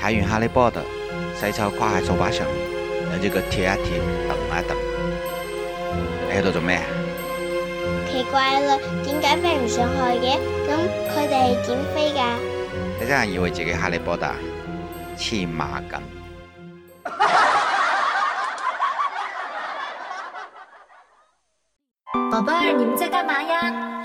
睇完哈利波特，細抽掛喺掃把上，有隻腳貼一貼，動一登，你喺度做咩？奇怪啦，點解飛唔上去嘅？咁佢哋係點飛噶？你真係以為自己哈利波特？黐馬噶！寶貝兒，你們在幹嘛呀？